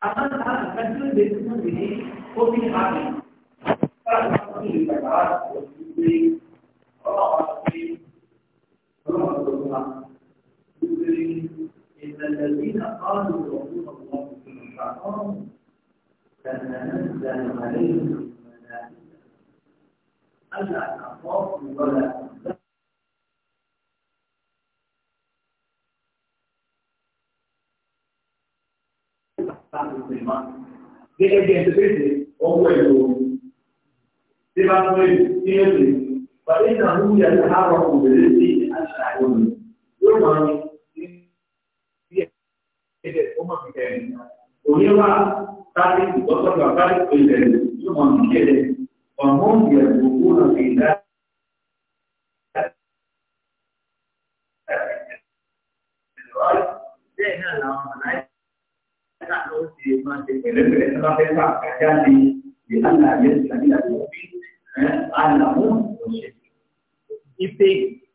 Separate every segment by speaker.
Speaker 1: akan sangat kecil bisnis ini kopi hati. Kalau kamu di negara, di orang asli, orang berdoa, di إن الذين قالوا رسول الله صلى الله عليه وسلم تنزل عليهم الملائكة ألا تخافوا ولا láti pè má. Gẹ́gẹ́ bí ẹ̀sẹ̀ pèsè ọwọ́ ẹ̀ lò ó. Ṣé bá fún èyí ní èlé? Bàbá ìgbà ń wúyà ní àárọ̀ òbèrè sí àṣà ìwòye. Yóò máa ń ní bí ẹ̀jẹ̀ ó mọ̀ nípa ẹ̀. Òye wa tábí ìgbọ́sọ̀gbà tábí pèsè yóò máa ń kí ẹ̀ ọ̀mọ́ ìyẹ̀ gbogbo náà fi dá. Bẹ́ẹ̀ náà làwọn àlàyé náà ló ṣe máa ṣe pẹ̀lẹ́pẹ̀lẹ́ tó bá fẹ́ fà kájáde
Speaker 2: ìlànà àyẹ̀ ìsàlẹ̀
Speaker 1: àti òbí àlàmú ọ̀ṣẹ̀. Ife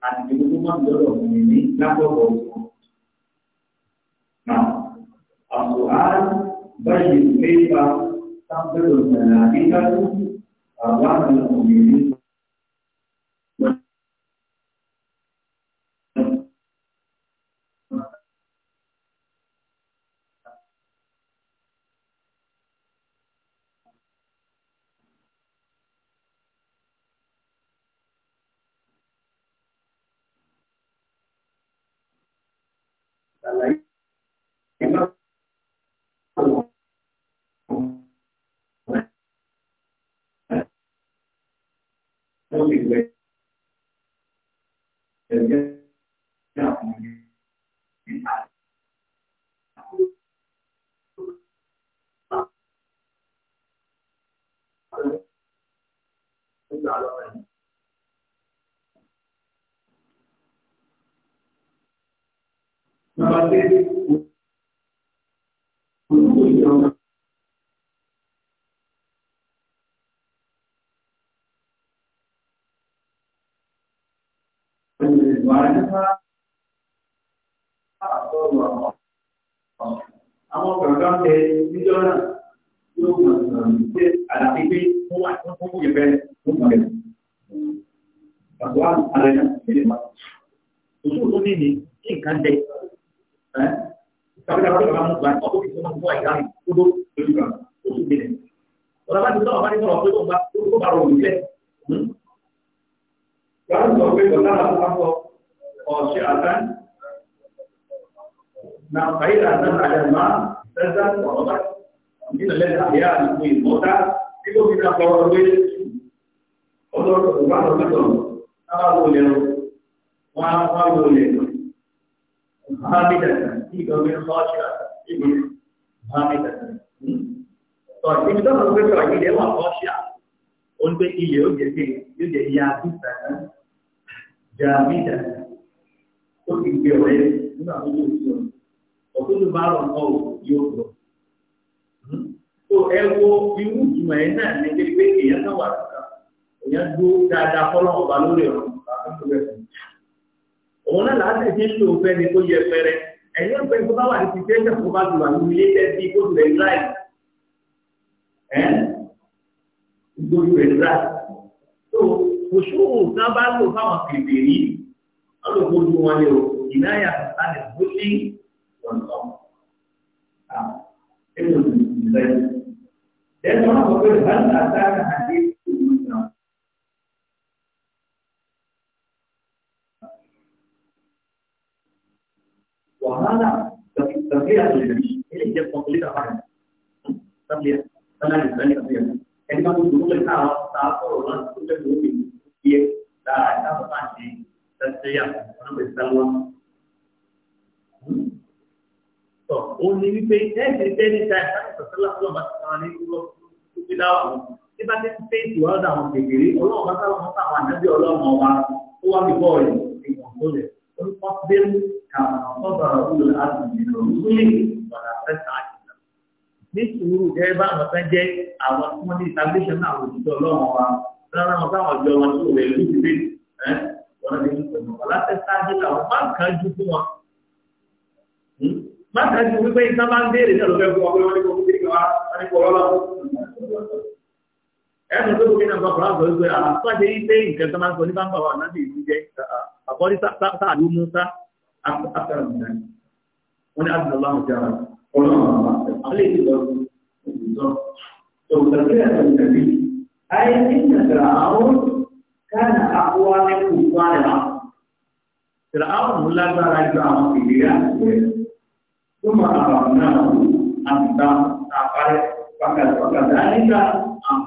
Speaker 1: àti ìdìbò máa ń lọ́rọ̀ mi ní lápọ̀pọ̀ òkú. Náà, àṣùhárá àwọn ọmọ ìlú Number ìjọba. Àwọn ọ̀gá ń tẹ níjọ́ náà yóò mọ̀ sọ̀rọ̀ ní pé àlàfi pé wọ́n wà tó kún yẹn bẹ́ẹ̀ ló mọ̀ rẹ̀. Tapi kalau kita mau bantu, aku bisa membuat kami untuk juga untuk ini. Kalau kita orang ini kalau itu empat itu baru bisa. Kalau sampai kita harus tahu opsi akan nah kaitan dan ada ma dan obat ini adalah ya ini mota itu kita kalau lebih untuk orang orang itu kalau boleh, orang orang boleh hamidatan fi domin khashira ibn hamidatan so ibi tó ń gbé sọ̀rọ̀ yìí lẹ́wọ̀n khashira ó ń gbé ilé ó jẹ́ bíi yóò jẹ́ ìyá àbúta jamida tó fi gbé ọ̀rẹ́ nínú àwọn yóò fi ọ̀rọ̀ ọ̀túnú bá rọ̀ ọ̀ yóò rọ̀ so ẹ wo oh, hmm? irú ìtumọ̀ ẹ̀ náà ní pé èèyàn náà wà nípa èèyàn dúró dáadáa fọlọ́ọ̀ ọba lórí ọ̀rọ̀ àti ìgbésẹ̀ òun náà láti fi lò fẹ́ ni kó yẹ pẹrẹ ẹ̀yìn ọ̀pẹ tó bá wà ní títí ẹ̀jẹ̀ tó bá ti wà ní ilé tẹ́ bí kó lè láì ẹ̀ gbójú rẹ̀ láì tó oṣù òògùn bá lò fáwọn kèbè rí ọlọ́gbọ́n ojú wọn ni o ìnáyà láti gbóṣí wọn lọ. Ẹ̀sùn ìgbẹ́ni. Ẹ̀sùn àwọn ọ̀pẹ ìbánisà sáà náà àti وهذا تغيير الجميع اللي هي التقليد عنه تغيير فلا يزال تغيير عندما تقول لك تعرف ولا تقول لك هي لا تعرف عنه تغيير أنا بستلم tó o ní wípé ẹ̀sìn pé ní ta ìsáyẹ̀ sọ̀tẹ́lá fún ọba tí wọn ní lọ sí dáwà wọn tí bá ti pé ìwà ọ̀dà àwọn kékeré ọlọ́run bá sábà wọn sáwọn ànábì ọlọ́run ọba tó wá bí bọ́ọ̀lù ìwọ̀n tó lẹ̀ ó ní wọ́n bẹ́ẹ̀ كما صبر أولو العزم من الرسل ولا تسعى ní sùúrù gẹ́gẹ́ bá àwọn tán jẹ́ àwọn tí wọ́n ní establishment náà wò jùlọ lọ́wọ́ wa rárá wọn báwọn jọ wọn tó rẹ̀ lójú pé ẹ́ wọ́n ti ń pẹ̀lú wọn láti ṣáájú làwọn má kàn ju fún wọn. má kàn ju wípé iná máa ń béèrè náà ló fẹ́ fún wọn pé wọ́n ní kó fún kékeré wa wọ́n ní kó rọ́lá.
Speaker 2: ẹnu tó kún nínú ọkọ̀ láti sọ wípé àtúnṣe
Speaker 1: yìí pé nǹkan tó máa ń sọ ní bámbà wa náà akara ọ̀dà wọn ni abdullahi ọ̀hún jara ọlọ́run àwọn àlẹ́ ìlú ọ̀hún ìjọ tó gbàgbé ẹ̀rọ ìdàgbé ayé nígbà tẹ̀lé àwọn káàdà àkọwá ẹ̀kú fúnra rẹ̀ tẹ̀lé àwọn ọ̀hún lágbára ju àwọn ìlera rẹ̀ tó mọ àwọn náà àbùdá àpárẹ̀ pàkàtà nígbà àwọn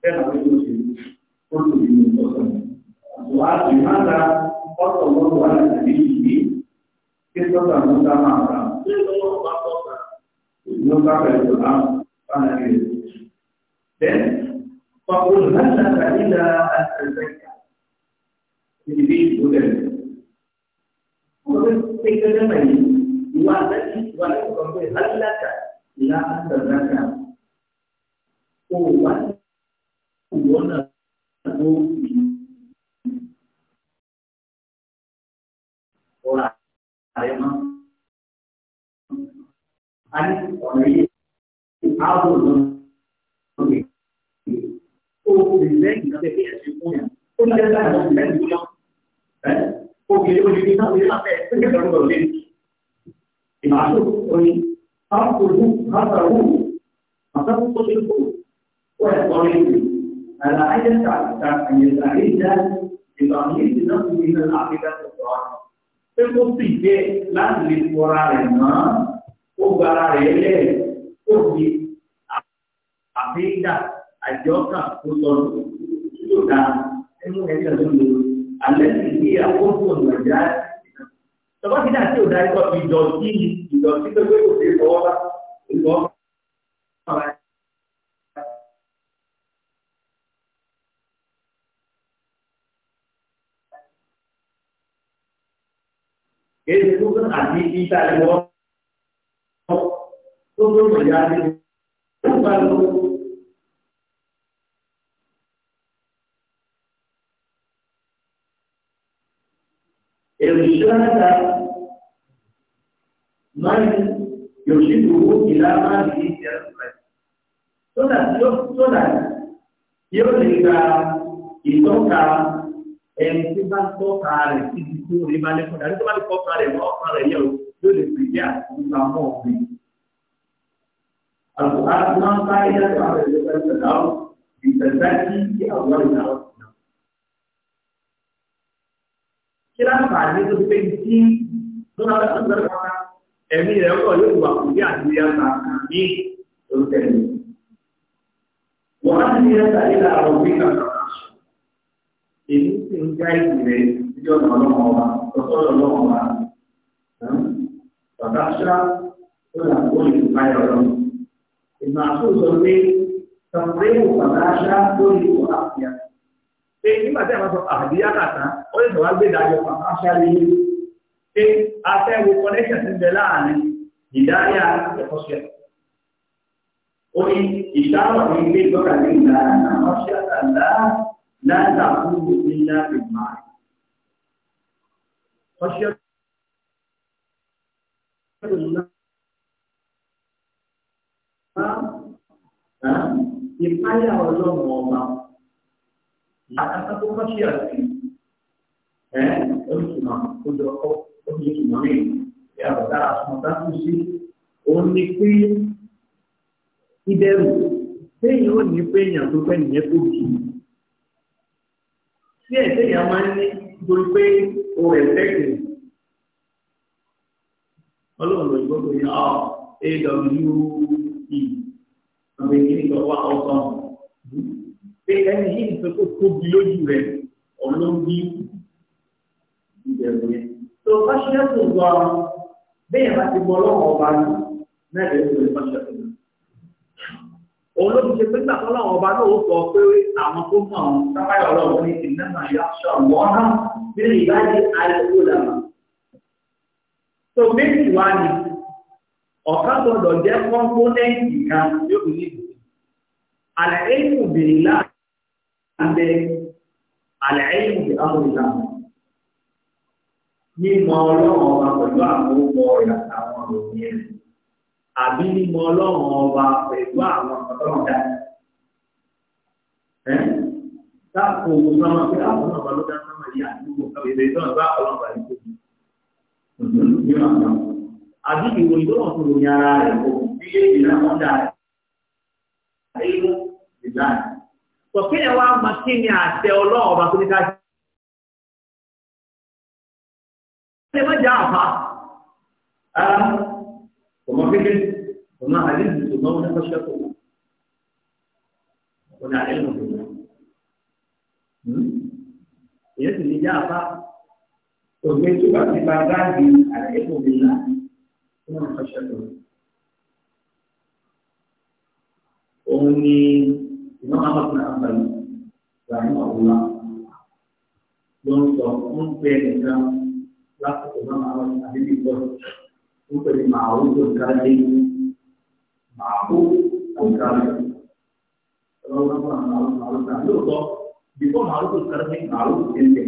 Speaker 1: bẹ́ẹ̀ náà ló ṣe Kita tak mudah marah. Kita tak berdoa pada diri. Dan fakul hasa kaila al-zaka. Jadi boleh. Boleh tinggal lagi. Dua lagi, dua lagi sampai halaka. La al-zaka. Oh, what?
Speaker 2: Wanna go? Orang rẹ̀ mọ́.
Speaker 1: a ní ọ̀rọ̀ yìí áwọ̀ lọ lókè. ó fi lẹ́yìn náà bẹ́ẹ̀ ẹ̀sìn fún yà. ó ní ẹgbẹ́ àwọn ọ̀sìn lẹ́yìn fún yà. obìnrin olùdíje náà lè lábẹ́ ẹgbẹ́ ìdánwò lè ní. ìbáṣọ orin áwòrán látàrú àtàkùn tó ṣe kú. ó ẹ̀ sọ́rin ìlú. àlàyé ṣàkàtà àyẹ̀sà ìjà ìgbà mi ìdí náà ti ní àfíkà tó sọ̀rọ̀ pé kó sì jẹ́ láti lè fọra rẹ̀ mọ́ ó gbára rẹ̀ lẹ̀ ó di àbídà àjọkà tó sọnù tí yóò dá ẹnu ẹ̀ka tó lò alẹ́ sì ní àkókò nàìjíríà tọ́gbọ́n ti dà tí ò dárí kọ́ ìdọ̀tí ìdọ̀tí pé pé kò sí ìfọwọ́ bá ìfọwọ́ bá. Ele tudo aqui e está ali bom. Tudo olhado. Tudo valor. Eu chata, mas eu digo que lá mais de toda toda eu ligar e tocar ẹni tí bá ń tọ́ka rẹ̀ síbi tí ó rí bá lẹ́kọ̀ọ́ dàbí tó bá lè tọ́ka rẹ̀ wọ́n ọ̀kan rẹ̀ yẹ̀ o yóò lè pèsè àtúntà mọ́ ọ̀gbìn.
Speaker 2: Àlùkò máa ń bá ilé ẹ̀ka rẹ̀ lọ́wọ́ ìṣẹ̀dá
Speaker 1: ìṣẹ̀dá kí àwọn ìyá ọ̀ kí láǹfààní tó pé tí tó náà lọ́sọ̀ lọ́sọ̀ lọ́sọ̀ ẹ̀mí rẹ̀ ọkọ̀ yóò wà kò ní àdúrí èyí sì ń já ìpìlẹ̀ sí ọ̀nà ọlọ́wọ́ wa lọ́sọ̀rọ̀ ọlọ́wọ́ wa. Bàbá Ṣá ó là ń gbóyè ìpáyà ọlọ́run. Ìmọ̀ àtúntò sọ pé sọ̀rọ̀ bàbá Ṣá lórí ìwọ àfíà. Pé nígbà tí a máa sọ àdíyá kàtá, ó lè sọ̀rọ̀ gbé ìdájọ́ bàbá Ṣá lórí. Pé afẹ́wo connection ti bẹ láàrin ìdáyà ẹ̀kọ́ ṣẹ́. Ó ní ìdáhùn ní ilé ìgbọ́kàlé láàdà fún òní láàbì máa. Ọṣẹ́ ìpáyà ọlọ́run ọba àtàkà tó kọ́ sí àti ẹ̀ olùsùnmọ̀ tó jọ ọ́ olùsùnmọ̀ mi ẹ̀ àbọ̀dá àsùnmọ̀dá tó sí òun ni pé ìbẹ̀rù téèyàn ò ní pé èèyàn tó fẹ́ nìyẹn tó kì í tí ẹ̀sẹ̀ yà máa ń ní torí pé o ẹ̀fẹ́ kì í ọlọ́run ló gbọ́dọ̀ ní ọ awe ah, àwọn ènìyàn lọ wá ọkọ pé ẹni yìí nìkan tó tóbi lójú rẹ ọlọ́bí ìbẹ̀rù yẹn tó bá ṣe gbọ́ bẹ́ẹ̀ bá ti gbọ́ lọ́wọ́ ọba náà lè wọlé bá ṣe olóògùn ṣe pé nígbà tó láwọn ọba náà ó sọ pé àwọn tó mọ̀ ọ́n sábàyà ọlọ́run ní ìnáwó àyàṣọ àwọn náà nínú ìdájí àìsíkò làmà. tó méjì wá ní ọ̀ká gbọ́dọ̀ jẹ́ kọ́ńpónẹ́ǹtì kan yóò ní ìlú. àlẹ́yìn obìnrin láàbẹ̀ àlẹ́yìn obìnrin àwọn ìlànà mímọ̀ ọlọ́run ọba pẹ̀lú àwọn ọmọ rẹ̀ àtàwọn òbí rẹ̀ àbí mímọ̀ ọlọ́run ọba pẹ̀lú àwọn ọ̀tọ́rọ̀ dá. Táàkù ogun sọ́mọ pé àwọn ọba ló dá sọ́mọ yìí àdúgbò kọ́ ìdè tó ń bá ọlọ́run bá yìí tóbi. Ní ọ̀nà àbí ìwò ìdọ́rọ̀ tó lò ní ara rẹ̀ kò sí èyí náà wọ́n dà rẹ̀. Àyínú ìlà. Sọ̀kí ẹ̀ wá mọ kí ni àṣẹ ọlọ́run ọba tó ní ká ṣe. Ṣé mọ́jà àpá? بكل وما علمت ظنون فشكوا ولا علم بالله أبا الإجابة أرجيت بعباداتي على علم بالله ثم خشيته أمي إمام أحمد بن حنبل رحمه الله ينصر من بين الناس تقول إمام أحمد حبيبي وكل معروف كاذب معروف كاذب kalau kita harus harus tahu itu bisa harus kerja harus kerja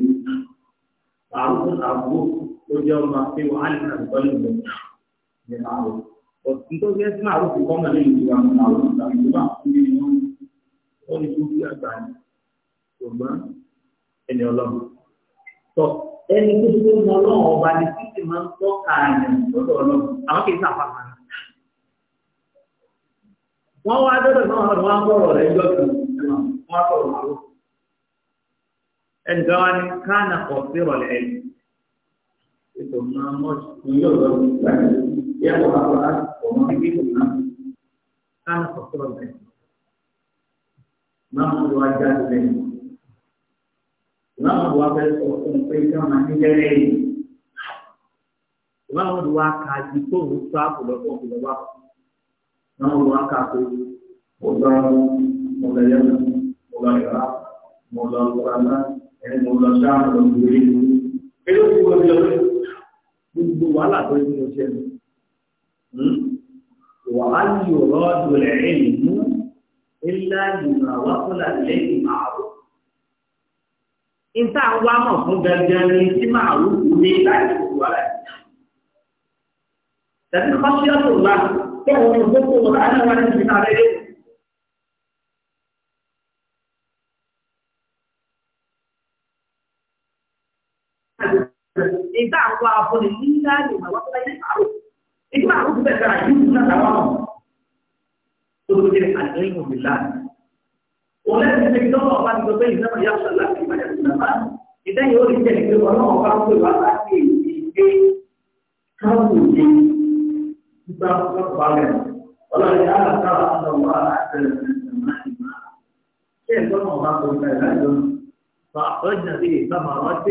Speaker 1: harus tahu तो जब माफी वाले का बल ये ना हो और उनको ये ना हो कि कौन नहीं हुआ ना हो ना हुआ और ये दूसरी आता है तो बन इन योलम तो ẹni tó tó mọ ọlọ́run ọba ni títí máa ń tọ́ ka àyàn lọ́dọ̀ ọlọ́run àwọn kì í sàpà kan. wọ́n wá dọ́dọ̀ náà wọ́n wá bọ̀rọ̀ rẹ̀ jọ tó wọ́n sọ̀rọ̀ lọ́wọ́. ẹnìkan wá ní kánà kọ̀ sí ìrọ̀lẹ́ ẹ̀ ètò máa mọ̀ ní yóò lọ sí ìgbà yẹn wọ́n wá wá ọmọ bíbí kò náà kánà kọ̀ sí ìrọ̀lẹ́ máa mú ìmáàmù wa fẹ́ sọ fún pé kí wọ́n máa ní jẹ́rẹ́ yìí ìmáàmù wa kà á di tó òun tó àpò lọ́pọ̀ òkùnrin wa ìmáàmù wa kà á pé mo lọ mo lọ yẹn mo lọ yọrá mo lọ lọ́la ẹni mo lọ sáà lọ lórí ìlú eré òkú wọn lọ gbogbo wàhálà tó yẹ kí mo ṣe mi wàhálà yòrò ọdún rẹ̀ ẹ̀yìn mú ilé ìgbà wàhálà lẹ́yìn màá ìta wa mọ̀ fún gangan ní tí máa rú kú ní láti kú wà láti jẹun. Tẹ̀sí kọ́sí ọ̀tọ̀ ńlá tó wọn ò gbókò wọn láti wá ní ìta rẹ̀. Ìta Oleh itu orang itu bisa berjasa lagi pada zaman kita yuri jadi orang orang tua lagi di kamu di kita berbalik. Kalau dia ada kalau Allah ada nama Siapa orang tua itu فأخرجنا به ثمرات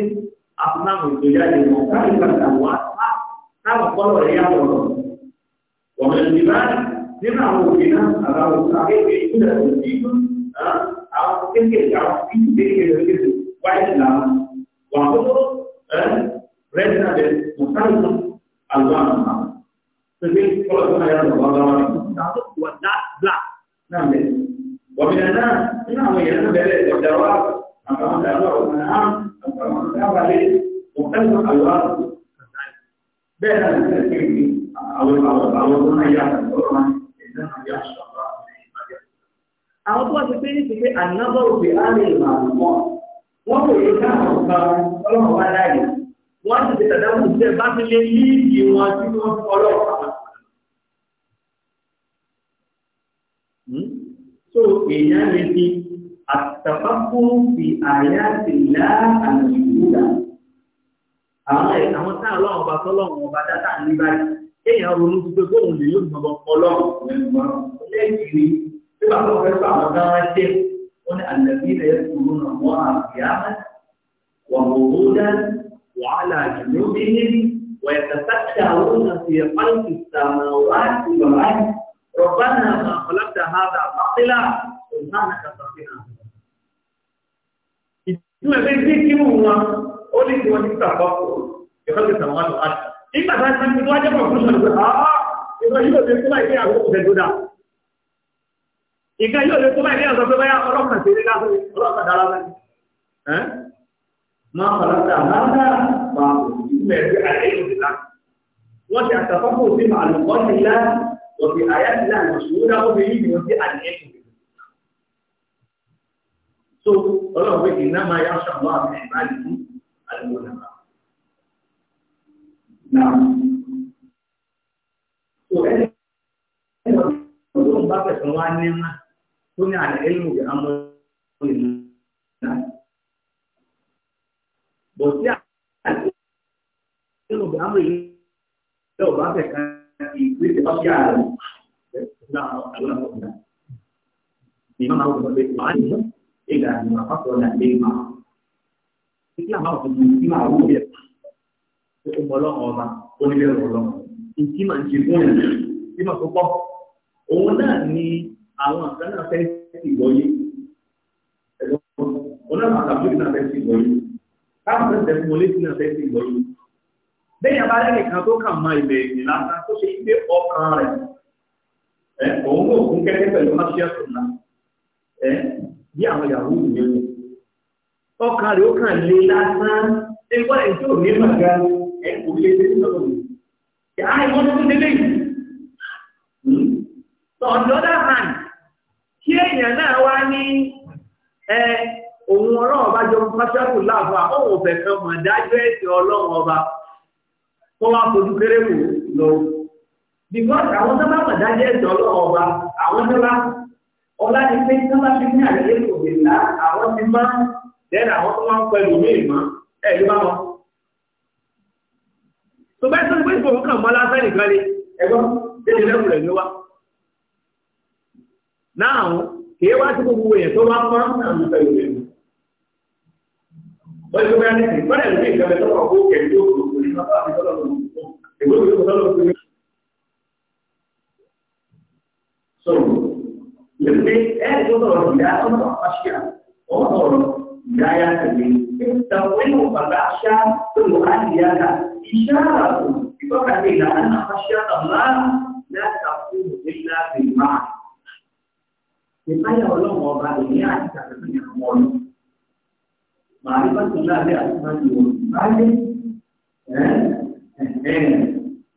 Speaker 1: أقنام الدجاج مختلفا ألوانها كما قالوا رياض ومن الجبال لما هو فينا أراه صحيح إلى الدين àwọn kéékèèké àwọn fíìmù kéékèèké kéékèèké wáyé làwọn wà fún rẹ́dínà bẹ mùsàlùmù àlùbọ̀ àmà pépé kọ́lọ̀ tó máa yára lọ́wọ́ lọ́wọ́ rẹ̀ nàtó wà dá blá náà bẹ wàmìnà náà nínú àwọn èèyàn náà bẹ̀rẹ̀ ọ̀dà wa àtàwọn ọ̀dà wa ọ̀dà náà àtàwọn ọ̀dà wa lé mùsàlùmù àlùbọ̀ bẹ́ẹ̀ náà ní sẹ́kẹ̀rì àwọn àwọn àwọn ọ̀dọ́ náà yára lọ́wọ́ rẹ̀ àwọn tó wá ti pé ní ti pé ànábọ̀ òbí àmì ìmàlùmọ́ wọ́n kò yẹ káàkiri kan ọlọ́run wá láàyè wọ́n ti ti tàdá mú hmm? so èèyàn lè fi àtàkùn fi àyà sí láàánú ìwúrà àwọn ẹ̀ àwọn tá àlọ́ ọba tọ́lọ́run ọba dátà ní báyìí kéèyàn ronú sí pé bóun lè yóò gbọ́n ọlọ́run Sebab kalau kita sama sama wajib, pun al-Nabi dia turun Allah kiamat, wa wududan, wa ala junubihim, wa yatasakshawuna fi qalbi samawati wal ardi. Rabbana ma khalaqta hadha batila, subhanaka faqina. Itu yang penting semua oleh tuan kita bapak. Dia kalau kita mengatakan, ini tak ada yang itu aja bagus. Ah, itu juga dia kena ini aku sudah sudah. ìgbà yóò lè kúmọ̀ ìdí ọ̀sán pé báyà ọlọ́pàá sí ilé lásán ọlọ́pàá dára lẹ́nu. máa fàlàtà láńdà bá ìgbà ẹ̀rí àyẹ̀yẹ̀ òdì lá. wọ́n ti àtàkọ́kọ́ sí màlúkọ́ ti lá òbí àyàtì náà ìṣòwòdà obìnrin ni wọ́n ti àyẹ̀yẹ̀ òdì. so ọlọ́run pé iná máa yá ṣàmú àmì ìbáyìí fún àdúgbò náà. náà so ẹni ọdún bá fẹ̀sán wá ní máa tó ní àlẹ́ ẹ̀lmù bí amọ̀ ìlú náà. Bọ̀ sí àlẹ́ ẹ̀lmù bí amọ̀ ìlú náà ọba fẹ̀ kan ìwé ti ọ̀sẹ̀ àlẹ́ Imam Abu Bakar Ali ila mafasi wa lima. Ìkíyà máa fi ìdí máa wú yẹ. Ó mọ ọlọ́run ọba, ó nílé ọ̀rọ̀ ọlọ́run. Ìdí máa ń ṣe fún ìdí máa tó pọ̀. Òun náà ni àwọn nǹkan náà fẹ́ sì lọ́yé ẹ̀gbọ́n ọlọ́run àtàbílì náà fẹ́ sì lọ́yé káwọn fẹ́ tẹ̀sí mọ́lé sí náà fẹ́ sì lọ́yé. bẹ́ẹ̀ yàrá rẹ̀ nìkan tó kàn mọ ilẹ̀ ìrìn lásán tó ṣe gbé ọkàn rẹ̀ ẹ̀ òun náà kún kẹ́kẹ́ pẹ̀lú máṣíẹ́sùn náà ẹ̀ bí àwọn yahoo nìyẹn ọkàn rẹ̀ ó kàn lé lásán ẹgbọ́n ẹ̀ ní màgá on the other hand tí èèyàn náà wá ní ẹ òun ọlọ́run ọba jọ pàṣẹ́kù láàbà òun ọ̀fẹ́ kan mọ̀ dájọ́ ẹ̀sìn ọlọ́run ọba wá fojú kéré wò lọ. because àwọn tó bá mọ̀ dájọ́ ẹ̀sìn ọlọ́run ọlá ni pé tó bá náà kìí wá sí gbogbo èèyàn tó bá mọ́ náà ló fẹ́ ìwé mi. wọ́n ti gbé ẹni tí wọ́n lè rí ìkàwé tó kọ̀ kó kẹ̀lé tó kọ̀ kó nípa bá mi tọ́lọ̀ lọ́wọ́ ìwé mi tó tọ́lọ̀ lọ́wọ́ so lèmi ẹ tó sọ̀rọ̀ ìyá ọmọ àṣìyà ọmọ sọ̀rọ̀ ìyá ya tẹ̀lé ìtàwé ìwọ̀n bàbá àṣà tó lọ àdìyá ta iṣẹ́ àràbò ìtọ́ka ìlànà àṣìyà tàbí láàrín
Speaker 2: láti àkókò
Speaker 1: ìlànà ìmáà ìpáyà ọlọ́run ọba èmi àti àtàkùn ní àwọn ọ̀nà. Màálí bá tún láàbẹ̀ àti máa ń lò báyé.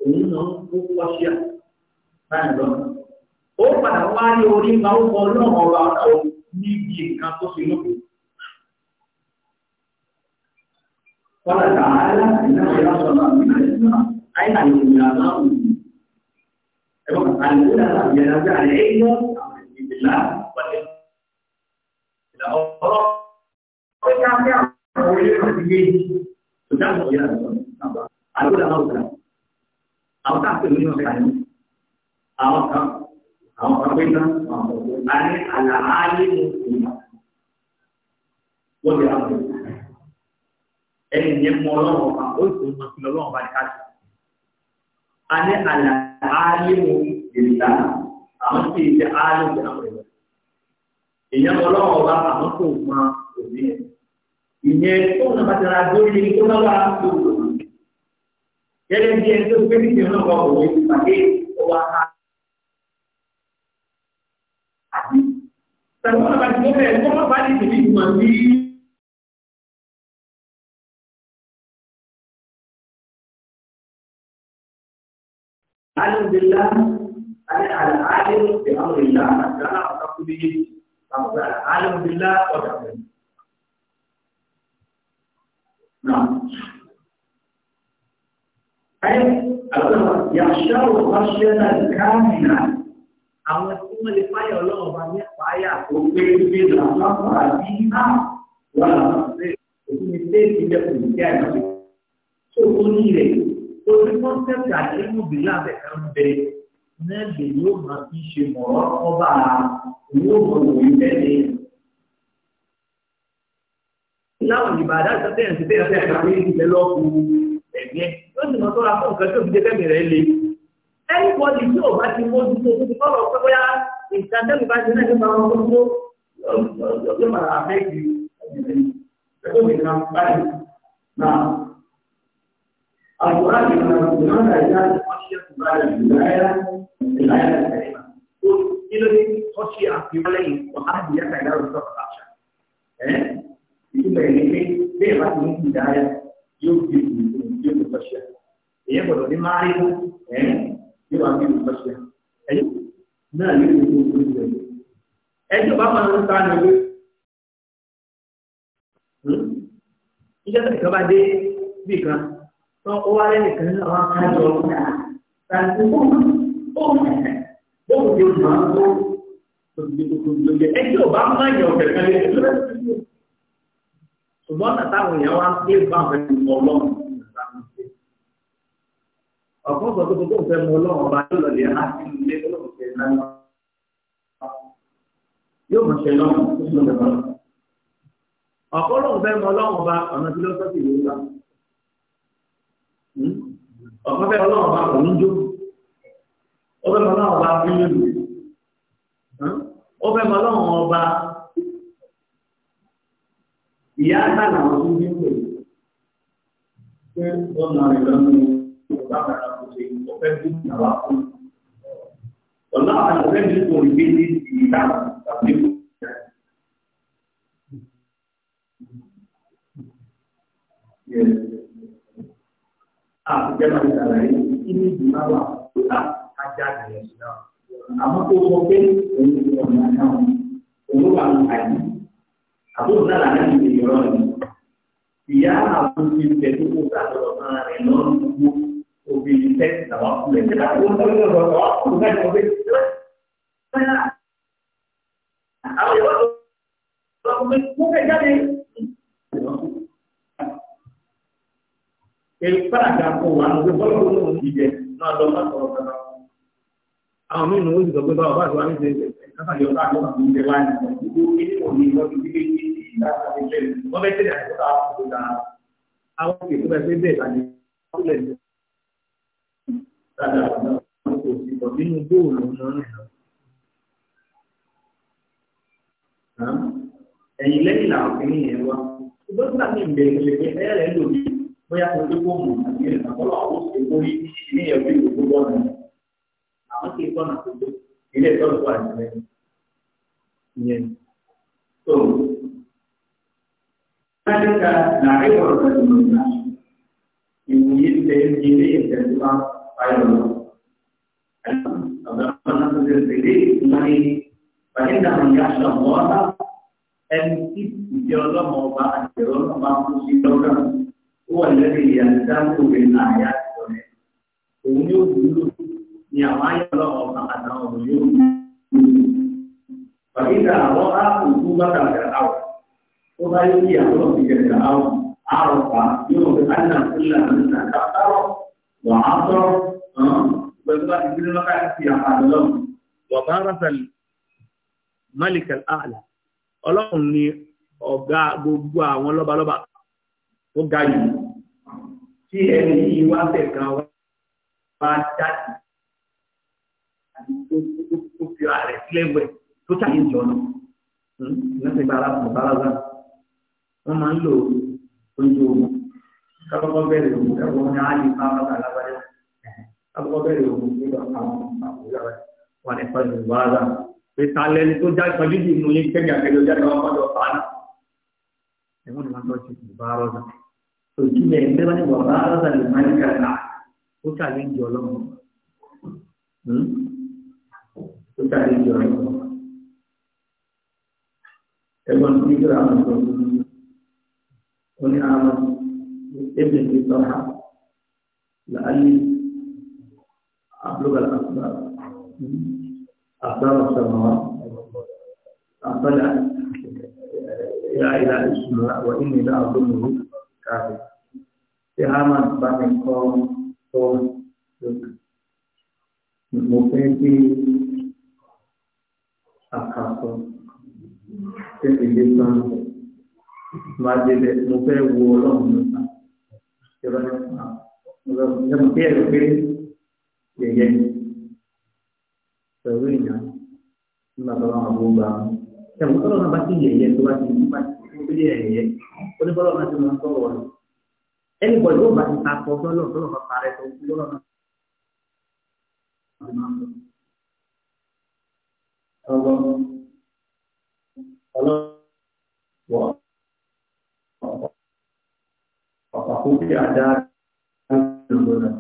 Speaker 1: Òun náà ó kọ́ sí à báyìí lọ. Ó padà wá ní orí ma ó kọ ọlọ́run ọba ọ̀dọ́ níbi nǹkan tó fi lókè. Kọ́lá tààlà ìdáhùn ìyá sọ̀rọ̀ àmì náà àyíká ìròyìn àbáwò. Ẹ̀rọ àlùkò dàgbà ìyẹn lábẹ́ àlẹ́ ẹ̀yọ́ ìlà pàdé ìlà ọ̀rọ̀ ọ̀rẹ́ká ní àwọn orílẹ̀ àti méjì tó dáàbò yà lọ nàbà àlọ́ làwọn ọ̀gá àwọn tá a pè nínú ọ̀gá yẹn àwọn kan àwọn kan pé náà àwọn ọ̀gá ní àlàáyé ní ìlà wọ́n ti àwọn ọ̀gá ẹni yẹn mọ ọlọ́run ọba ó sì mọ sí ọlọ́run ọba ní káàkiri a ní àlàáyé ní ìlà àwọn tí ì èèyàn ọlọ́wọ́ wa àwọn kò mọ òbí ẹ̀ ìyẹn tó ń bàtàrà lórí tó bá wà tó wò ó gẹ́gẹ́ bí ẹni tó gbé nìkan náà wọ òwe ìpàdé ọwọ́ ha
Speaker 2: àti tàbí wọn bá ti bẹ́ẹ̀ tó wọn bá ti tẹ̀lé ìmọ̀ ní. Alhamdulillah,
Speaker 1: ala ala ala ala ala ala ala ala ala ala ala ala علم بالله وتعلم نعم أي يخشى خشية كاملة àwọn tí wọ́n lè fáyà ọlọ́run bá ní àpáyà tó pé gbé làwọn àbí náà wà láti òkú ní téèkì jẹ́ kò ní kí àìsàn tó tó ní rẹ̀ tó ní kọ́ńtẹ́ẹ̀tì àdéhùn bìlà àbẹ̀ká ń bẹ náà lè yóò máa fi ṣe mọ̀ọ́ ọba yóò mọ̀ òun bẹ́ẹ̀ ni láwọn ìbàdàn àtàtà ẹ̀sìn tẹ́ ẹ̀sìn àgbàgbé ìbílẹ̀ lọ́kù ẹ̀mí ẹ̀ yóò sì mọ sọ́ra fún nǹkan tó fi dẹ́fẹ̀mì rẹ̀ le. ẹnìbọ̀dì tí ò bá ti mójú tó ti kọ́rọ̀ pé bóyá nǹkan tẹ́lù bá ti náà ti máa wọ́n tó yóò máa àfẹ́ ju ẹgbẹ́ mi kan báyìí náà. àwòrán mi kan àwòrán náà yá ọṣẹ ìbára ìlàyà ìlàyà ìlàyà tó kí ló dé ọṣẹ àfihàn lẹ́yìn ọ̀hánìyàtà ìlàrọ̀ sọ̀rọ̀ àṣà ìtumọ̀ ẹ̀ ní pé bẹ́ẹ̀ bá ti ń kú ìdáyà yóò fi ìlú yóò fi tọ́ṣíà èyẹ gbọ́dọ̀ ní máa rí fún ẹ̀ yóò wá fi ìlú tọ́ṣíà ẹ̀yẹ náà yóò fi ìlú tó ṣe ẹjọ́ bá máa ń ta ní owó iṣẹ́ tó kẹ́kọ̀ọ́ yọ̀ kẹ̀kẹ́ lé ẹjọ́ bá ṣùgbọ́n náà táwọn èèyàn wá ń pè bá àwọn ẹni mọ ọlọ́run ọ̀pọ̀ sọ pé gbogbo nǹkan mọ ọlọ́run ọba yóò lọ lè ha sí ilé ọlọ́run tẹ̀ náà yóò mọ̀ ṣe lọ́run tó ń lọ lọ́run ọ̀pọ̀ lóun fẹ́ mọ ọlọ́run ọba ọ̀nà tí ló sọ sí hmm? ọ̀pọ̀ fẹ́ ọlọ́run ọba kò ní jó ó ọlọ́run ọba ìyá àgbà làwọn tó bí ń pè
Speaker 2: pé wọ́n máa rìn lọ́nà
Speaker 1: ìgbà kàkà kò ṣe ọ̀fẹ́ tó ń tàwa fún ọ̀nà àwọn ọ̀fẹ́ mi kò rí bí ní ìlà tàbí kò. Àbújá ah, ṣàlàyé kí ní ìdùnnú àwọn àbúrò ajá ìrẹsì náà. Àmọ́ tó sọ pé òun ò ní náà, òun wà ní àyè àbúrò náà lànà ìdè ìrọ̀ ni ìyá àbúrò ti bẹ̀ tó kó sàtọ̀rọ̀ kan rẹ̀ lọ́nà gbogbo obìnrin tẹ́sí àwọn ọkùnrin tẹ́sí àwọn ọkùnrin tẹ́sí àwọn ọkùnrin tẹ́sí àwọn ọkùnrin tẹ́sí àwọn ìwà tó ọkùnrin mú fẹ́ jáde. Èyí padà ga fún wa ló bọ́lá tó lóun ti jẹ náà lọ́ọ́ bá sọ̀rọ̀ kankan. Àwọn mí-ín ni wọ́n ti sọ pé báwa bá ti wá ní ṣe é ṣe káfíńtì ọ̀tá àgbọ̀n àti oúnjẹ wáyé nìkan gbogbo ilé òní lọ́dún tí kéjì ní ìlà àti ìṣẹ̀lẹ̀ wọ́n fẹ́ tẹ̀lé àti ọ̀tá àkókò dáa àwọn òkè tó bẹ fẹ́ bẹ́ẹ̀ lálẹ́ ọ̀lẹ̀ ní dáadáa ọ̀nà kò sí bọ̀ nínú bóòlù ọ̀nà ẹ̀yìn lẹ́yìn làwọn fi ní ìyẹn wá ṣùgbọ́n nígbà tí ìbẹ̀rẹ̀ ìṣẹ̀lẹ̀ pé ẹ̀yà rẹ̀ lòdì bóyá kò tó kó mọ̀ àti ìrìnàkọ́lọ́ àwọn òṣèlú orí ní ẹ̀yọ̀ bí gbogbo bọ́ọ̀nù àwọn kì í tọ́nà tó gbé ilé ìtọ́jú wà nílẹ̀ ìyẹn. tó láyéka làárẹ̀ ọ̀rọ̀ pẹ̀lú ìgbà ìwòye tẹ ilé ìtẹ̀jú wa ayọ̀ lọ. Àgbàdo náà ti tẹ̀lé ìmọ̀lẹ́ pàdéjà àwọn ìyá aṣọ àwọn ọ̀la ẹni tí ìjẹ́ ọlọ́mọ ọba àti ọlọ́mọ ọba kú sí lọ́gà ó wà lẹ́yìn ìyá ìdáhùn rẹ̀ láàyè àtọ̀rẹ́ òun yóò wúlò ni àwọn ayọ̀lọ́wọ́ àtàwọn ọmọ yóò Bàbíta àwọn áàpùpù bàtà bẹ̀rẹ̀ àwọ̀. Ó bá yóò yí àwọn òṣìṣẹ́ àwọ̀. Àrùn pa yóò fi àdínà sílẹ̀ àdínà dáfárọ̀ wà á sọ̀rọ̀ pẹ̀lú láti gbé lọ́kà sí àpàdánù. Wà bá rásàlì Malik al-Ala. Ọlọ́run ni ọ̀gá gbogbo àwọn lọ́balọ́ba tó ga jù. Tí ẹni yìí wá fẹ̀ kan wá jáde tó fi ara rẹ̀ sílẹ̀ wẹ̀ tó ṣàyè jọ náà lẹ́sẹ̀ gba ara fún bàbá wa wọ́n máa ń lo oúnjẹ ogun kábọ́kọ́ bẹ̀rẹ̀ ogun ẹ̀rọ ní àlè bá bàbá alábàdé kábọ́kọ́ bẹ̀rẹ̀ ogun nígbà àwọn àbúrò rẹ̀ wà ní pẹ̀lú ìwádà pé ta lẹni tó já pẹ̀lú ìdí ìmúyẹ kẹ́mi àkẹ́lẹ́ ọjà náà wọ́n lọ fàánà ẹ̀wọ́n ni wọ́n tọ́ sí ìbá rọ́dà òtún ilẹ̀ ẹgbẹ́ bá ní wà bá rọ́dà lè máa ń kà tó tàbí jọ ọ̀rọ̀ ẹgbọ́n tí kí ra àwọn ọ̀rọ̀ wọn ni àwọn ẹgbẹ́ ìgbé sọ́ha láàyè àbúrò àkùnà àbúrò sọ̀rọ̀ àbúrò يا إلى السماء وإني لا أظنه كافر في هما بني قوم قوم mo fẹ́ gbé àkàsọ tẹ́lẹ̀ lé sáńtẹ̀ máa débẹ̀ mo fẹ́ wo ọlọ́run nípa ìrọ̀ nípa ọlọ́run bí ẹ̀rọ pé yẹyẹ pẹ̀lú ìyá nígbà tó bá wà bó gbà á ẹ̀wọ̀n tọ́lọ́ náà bá ti yẹyẹ tó bá ti nípa tó bí yẹyẹ ó náà ti máa ń tọ̀rọ̀ wọn ẹni bọ̀ yóò bá ti ta kọ́ tọ́lọ́ tọ́lọ́ bá parẹ́ tó kú lọ́lọ́ náà ọgbọ́n ọlọ́wọ́
Speaker 2: ọ̀pàkó bí àdá ìgbòrò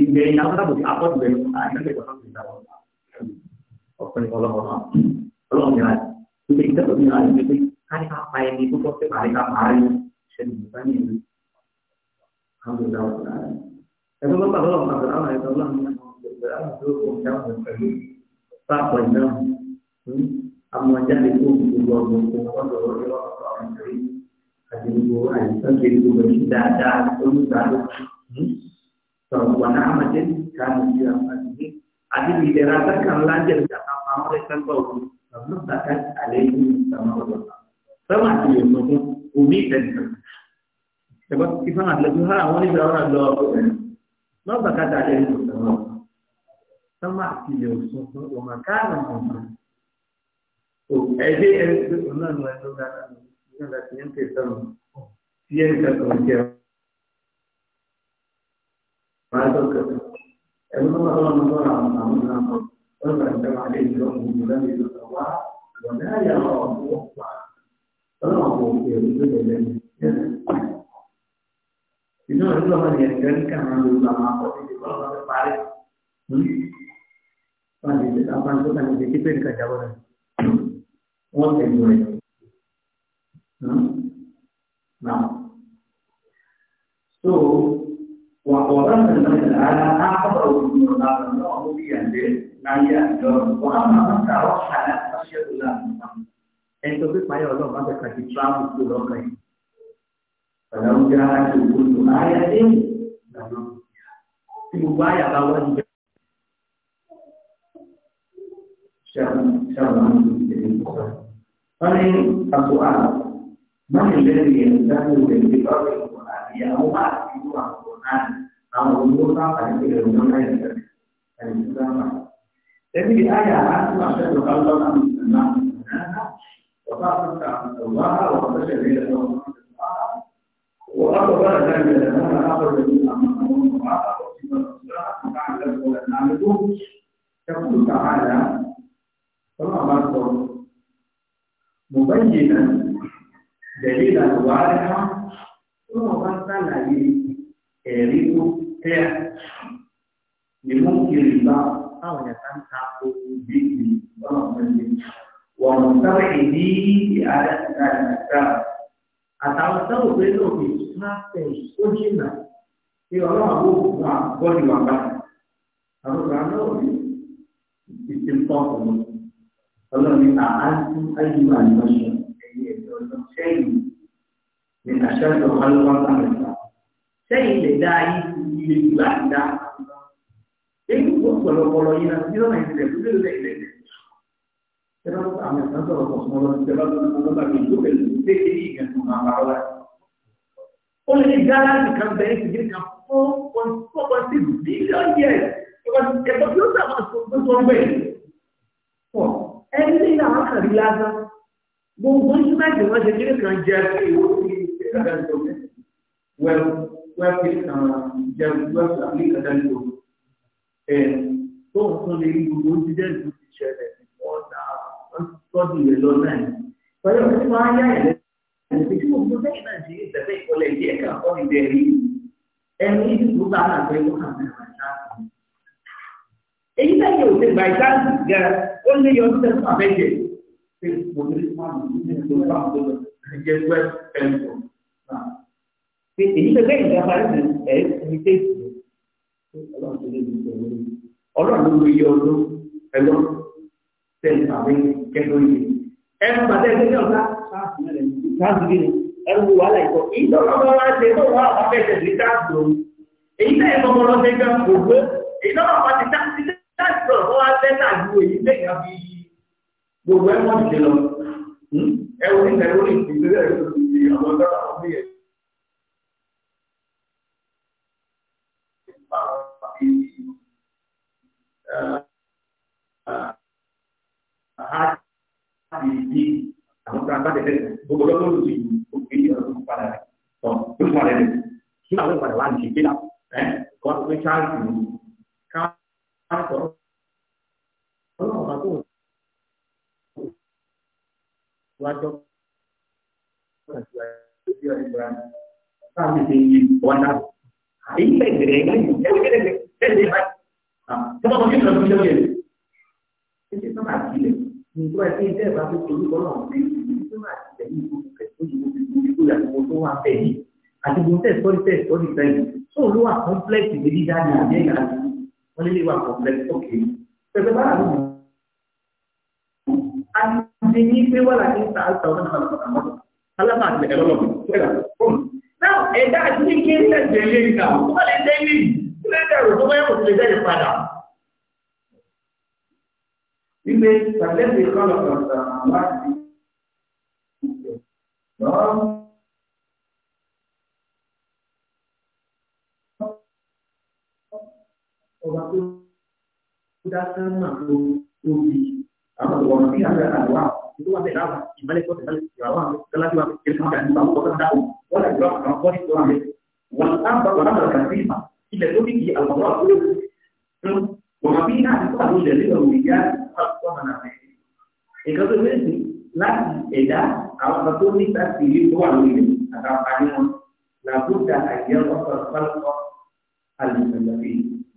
Speaker 1: ìgbẹ̀yìn àwọn àbòkí àpọ̀jùgbẹ̀yìn àìyànjẹ́ ìgbàlọ́pọ̀ ìdáwọ̀ ọ̀pẹ̀lẹ̀ ọlọ́wọ́ náà ọlọ́wọ́ mìíràn ìgbẹ̀ ìdẹ́kọ̀ọ́ mìíràn ìgbẹ̀ pé káríká pa Alhamdulillah. Ẹgbẹ́ bá bàbá ọ̀pàdé àwọn Pak Bendong, amuannya itu dua buku kotor orang orang dari haji ibu Aisyah jadi ibu tidak ada pun baru. Tuan amat jadi kami siapa ini? Adi bidaratan kan lanjut kata mau rekan bau, kamu takkan alaihi sama Allah. Sama dia mungkin umi dan sebab kita nggak lebih hal awalnya orang doa. Mau berkata alaihi sama Allah sọ́mà àti ilẹ̀ òsùn fún ọmọ káàlà ọ̀nà. Ẹgbẹ́ ẹni tó kàn náà lọ ẹni lọ́dà náà nígbà tí ẹ̀ ń pè sọ́nà tí ẹ̀ ń kẹ́kọ̀ọ́ jẹ́ máa tó kẹ́kọ̀ọ́. Ẹni tó máa lọ́nà lọ́nà àwọn àwọn náà mọ̀ wọ́n gbà nígbà máa lè jọ òun jù lẹ́nu ìlú kan wá wọ́n náà yà wọ́n ọ̀pọ̀ pa lọ́nà ọ̀pọ̀ òkè ìlú tó lè lẹ́nu. Ìjọba ìjọba ni ẹ̀ńgẹ́ ń kà máa lò lọ́nà àpọ̀ अपन को तने देखी पेड़ का जाओ ना वो से जुड़े ना so وقرن الآن أعبر من الله بيده لا يأجر وأما من توحد خشية الله Entonces para Allah va a satisfacer su loca. Para un gran culto, hay alguien. Si un vaya va a شرعا للكفر فمن السؤال من الذي يلتزم بالفطر القرآنية أو ما أكيد عن القرآن أو النور فإن الأمور لا لكن الآية أنتم أشد قلبا من الناس
Speaker 2: وفاقت الله وخرج إلى الله وأخبر ذلك لنا أخرج من أمامهم وعاقب وصيب
Speaker 1: الأسرار وعلم ولم نعلمه
Speaker 2: يقول تعالى فما
Speaker 1: مرض مبينا دليلا واضحا ثم مرض عليه ẹ̀rí tó tẹ́ ni wọ́n kiri bá táwọn yàtá ń ta ojú bí i ọlọ́run ní wọ́n sáré ìdí ìhàlẹ́ ìta ìta àtàwọn sáwọ́ pé náà fi smartphone ó jìnnà tí ọlọ́run àwọn òkùnkùn àgbọ́dì wà bá àwọn ọ̀gá náà rí ìsìn pọ́ọ̀pù ọlọ́run ní àásù ayíwá ìlọ́ṣọ ẹ̀yìn ẹ̀dọ́ ọ̀dọ́ sẹ́yìn ní àṣàjọ ọlọ́wọ́ sàmẹ̀sà sẹ́yìn lè dá ayé ilé ìlú àti dá èyí kò pọ̀lọpọ̀lọ yìí náà yíyọ́ náà ìṣẹ̀lẹ̀ tó lé lẹ́yìn lẹ́yìn tẹ́lá tó àmì ẹ̀sán sọ̀rọ̀ pọ̀ fún ọlọ́run tẹ́lá tó fún ọlọ́run àmì ìjọ pẹ̀lú déédé ìgbà tó máa bá wá. lè gáràjì kan bẹ̀rẹ̀ sí gírí kan four point four point ẹni ní ìlànà kan rí lásán gbogbo ní mẹ́jọ wọn ṣe kíni kan jẹ pé ìwọ ní ìgbàgbọ́ tó fẹ́ wẹ́ẹ́ wẹ́ẹ́ fi kan jẹ wẹ́ẹ́ fi àmì ìkàdá ní òkú ẹ̀ tó ń tún lè rí gbogbo ti dẹ́ ìlú ti ṣẹlẹ̀ ọ̀dà tọ́jú rẹ̀ lọ náà pẹ̀lú ọ̀sẹ̀ tí wọ́n á yá ẹ̀lẹ́ ẹ̀lẹ́ tí gbogbo bẹ́ẹ̀ náà ṣe é tẹ̀lé ìkọlẹ̀ díẹ̀ kan kọ́ ìbẹ̀rẹ̀ ẹni ìdúgbò bá àgbẹ̀ èyí lẹ́yìn òde gbà ìdáàbò gẹ̀ ó lé yọ ọdún tẹ̀sán àbẹ́jẹ̀ ṣe kò ní máa ní ní ìlú bá ń gbọ́dọ̀ ẹ̀jẹ̀ gbẹ́ ẹ̀ńtọ̀ náà pé èyí lẹ́yìn ìjọba rẹ̀ ẹ̀ ẹ̀mí tẹ̀sí ọlọ́run tó lè ní ìṣòro ọlọ́run ló yẹ ọdún ẹ̀lọ́ tẹ̀sán àbẹ́jẹ̀ kẹ́kọ̀ọ́ yìí ẹ̀rù bàtẹ́ ẹ̀jẹ̀ ọ̀gá sáàsì ẹ̀rù wàhálà ìkọ̀ ìdọ́lọ́wọ́ wá ṣe tó wà àbẹ́jẹ̀ ní dáàbò èyí lẹ́yìn ọmọ ọlọ́dẹ́gbẹ̀ ògbó ìdọ́lọ́wọ́ ti dá sílẹ̀ láti sọ ọ wá bẹ́tà ju èyí lẹ́yìn àbí gbogbo ẹ̀ wọ́n ti lọ ẹ wọ́n ní ìtẹ̀wé ní ìpínlẹ̀ rẹ̀ lórí àwọn ọ̀dọ́ àwọn ọmọ yẹn. Àhàtì àwọn kan bá tẹ̀lé gbogbo lọ́wọ́ lórí òkè ìyàwó padà rẹ̀ tó padà rẹ̀ kí àwọn padà wà ní ìpínlẹ̀ ẹ̀ kọ́ pé ṣáàtì papọ̀ ọlọ́run bá kó wá dọ́kọ̀ àti gbogbo tẹ̀sítọ́rì tẹ̀sítọ́rì sẹ́yìn tó ló wà kọ́ńplẹ́ẹ̀tì méjì dáadáa àbí ẹ̀yà àti wọ́n lè wà complex okay pẹ̀pẹ̀ bá àlọ́ àti ní pé wọ́n là ní ta àtà ọ̀nà àwọn àwọn alámà àti ẹ̀rọ lọ́wọ́ pẹ̀lá fún náà ẹ̀dá àti ní kí ní ẹ̀jẹ̀ lé níta wọ́n lè dé ní ilé ẹ̀rọ tó bẹ́ẹ̀ kò lè dẹ́yẹ padà. Wípé tàbí ẹ̀sìn kọ́lọ̀ kọ̀ọ̀tà àwọn àti ọba tó dá sánmà tó tóbi àwọn ọ̀nà tí àwọn ará wa tó wà bẹ̀rẹ̀ àwọn ìmọ̀lẹ́ tó tẹ̀lé ìràwọ̀ àwọn gẹ́lájú wa kéré kan bẹ̀rẹ̀ nípa ọkọ̀ tó dáwọ̀ wọ́n lè gbọ́ àwọn bọ́ọ̀lì tó wà bẹ̀rẹ̀ wọ́n á bá wọn lábàrà kan sí ìmà ilẹ̀ tó bí kì í àwọn ọ̀rọ̀ tó lè wọ́n bí náà ti pàdé ilẹ̀ nígbà òwe yá nǹkan tó lè sìn láti ẹ̀dá àwọn tó ní láti tó wà lórí àtàwọn àdéhùn làbúdà àyẹ̀wò ọ̀sán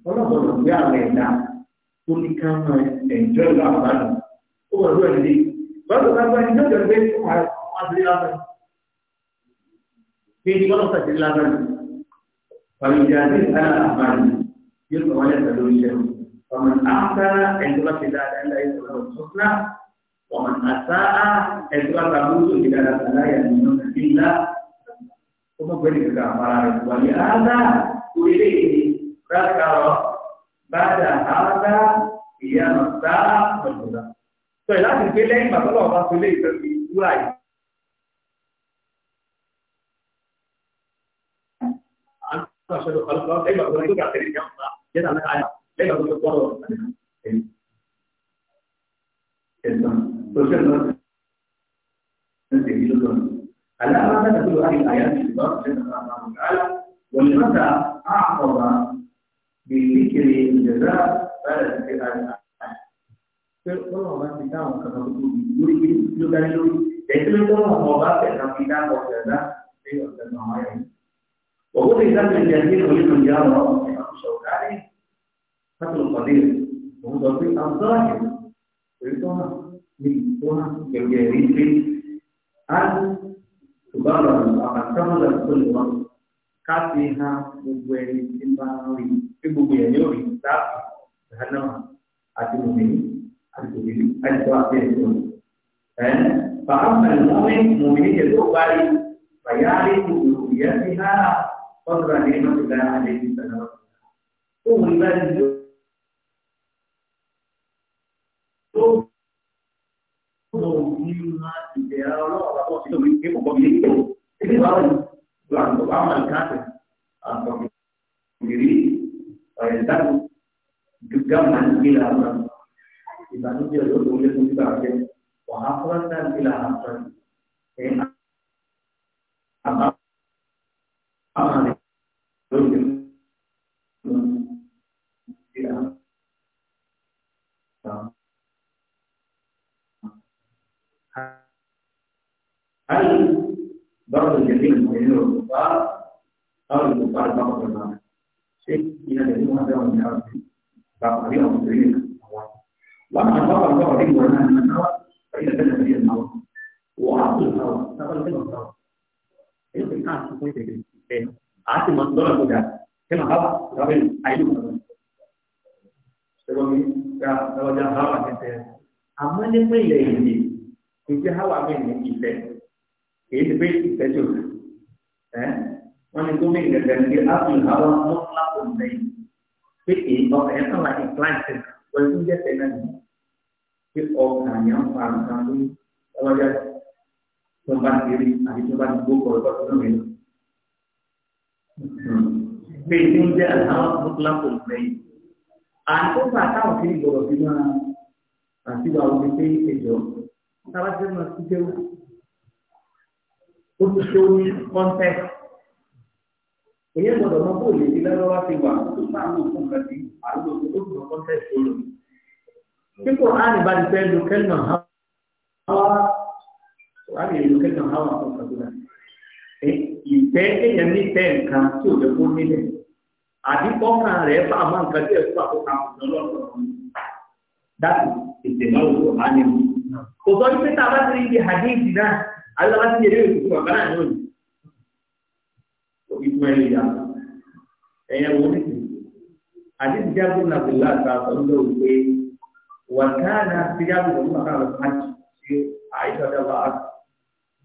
Speaker 1: ọlọ́gbọ̀n gbé àwọn ẹ̀dá tó ní ká máa ẹ̀jọ́ ìlú àbánu ó wọ̀ lóyún ilé báwo ká gbá ẹni lọ́jọ́ gbé àbúlé lábẹ́ bí ẹni lọ́nà tàbí lábẹ́ pàmìjà ní ìlànà àbánu yóò kọ̀ wọ́n lẹ́sẹ̀ lórí iṣẹ́ ọmọ àṣà ẹ̀dọ́ bá ti dáadáa ńlá yóò kọ̀ lọ́wọ́ sọ́kúnlá ọmọ àṣà ẹ̀dọ́ bá ta búrúkú ìdára sàláyà ذكر بعد هذا ينسى بالهدى فلا تقول لي ما طلع رسول الله في سورة أشهد خلق الله لما أقول لك أعترف يا الله جد أنا أعلم لما أقول لك ورد ألا ماذا تقول هذه الآيات في الله جل وعلا ولماذا أعظم بذكر الجزاء فذكر الأحسان Kalau orang kita orang kata itu yuri yuri itu kan yuri. Jadi kalau orang mau baca orang kita mau jaga, dia akan mahal.
Speaker 2: Waktu kita berjanji oleh menjawab orang yang saudari,
Speaker 1: satu kadir, untuk tapi antara jadi tuan ini tuan yang dia ini an subhanallah akan kamu dapat keluar kasihah mubeni imbanwi pé gbogbo yẹn ní òrì láàbù ìdánáwà àti mòmìnì àti tòbìlì àti tó àti ẹ̀sìn òní. ẹ bàbá pẹ̀lú mọ́mí mòmìnì yẹn tó parí bàyá rí gbogbo ìyá sí ha ọ̀dọ̀ àti ẹ̀mọ́ ti gba àlẹ́ ìdánáwà. ó wù ní báyìí ló. tó ń bí máa ti bẹ̀ ara ọlọ́ọ̀bá tó ti lórí pé kò bọ́ mi lé. ẹgbẹ́ báwọn ìgbà tó bá wọn kàn án àtọ̀kùn ìrírí. Oriental juga menanggil Al-Quran. Kita nanti ada boleh juga ada. Wahafran dan bila hafran. Eh, apa? Apa
Speaker 2: nih? Tidak.
Speaker 1: Hal baru jadi menjadi lupa, kalau lupa apa-apa شيء يدعو هذا من الأرض فقريهم سرير وأما الواقع الواقع دي وأنا من النوى فإذا كان في النوى وعطل النوى نقل كلمة النوى إذا كان عاصل كويس كده عاصل مصدر كده كما هو قبل أيوه سبب كا لو جاء هوا كده أما لما يجي كده هوا من يجي كده كده بيت كده ها wọ́n ní gómìn gẹ̀gẹ̀ ní ápùn àwọn mọ́tòlápò lẹ́yìn pé èyí ọkàn yẹn kàn láti kíláǹtì wọ́n ti ń orang tẹ̀lé kalau dia ọkàn diri, ń fa buku, ní ọlọ́jà tó bá ti mutlak àti tó bá tahu sih kọ̀ ọ́ tó lè lọ. pé èyí itu jẹ́ àwọn mọ́tòlápò èyí gbọ́dọ̀ mọ bóòlù èdè lọ́wọ́ ti wà tó sáàmù fún nǹkan tí àlọ́ tó kù lọ́kọ́ tẹ̀sí olù. kíkọ́ àná bá ti fẹ́ lu kẹ́nà hawa wàá lè lu kẹ́nà hawa fún kàdúrà. ìfẹ́ èèyàn nífẹ̀ nǹkan tí ò lè kó nílẹ̀ àdìpọ́nà rẹ̀ fà máa nǹkan tí ẹ̀ fún àkókò àwọn ọlọ́run dàtí ètè náà wò á ní mu. kò sọ wípé tá a bá ti rí ibi hadith náà alọ́ bá ti yẹ ìtumọ̀ ẹ̀rí ìyá ẹ̀yẹ wo ní ti àdéhùn jábọ̀ nàbìlá àtàwọn ọ̀dọ́ òwe wàtáàdà ti jábọ̀ wọn nígbà kan àti ti àìsọ̀dọ̀ bá a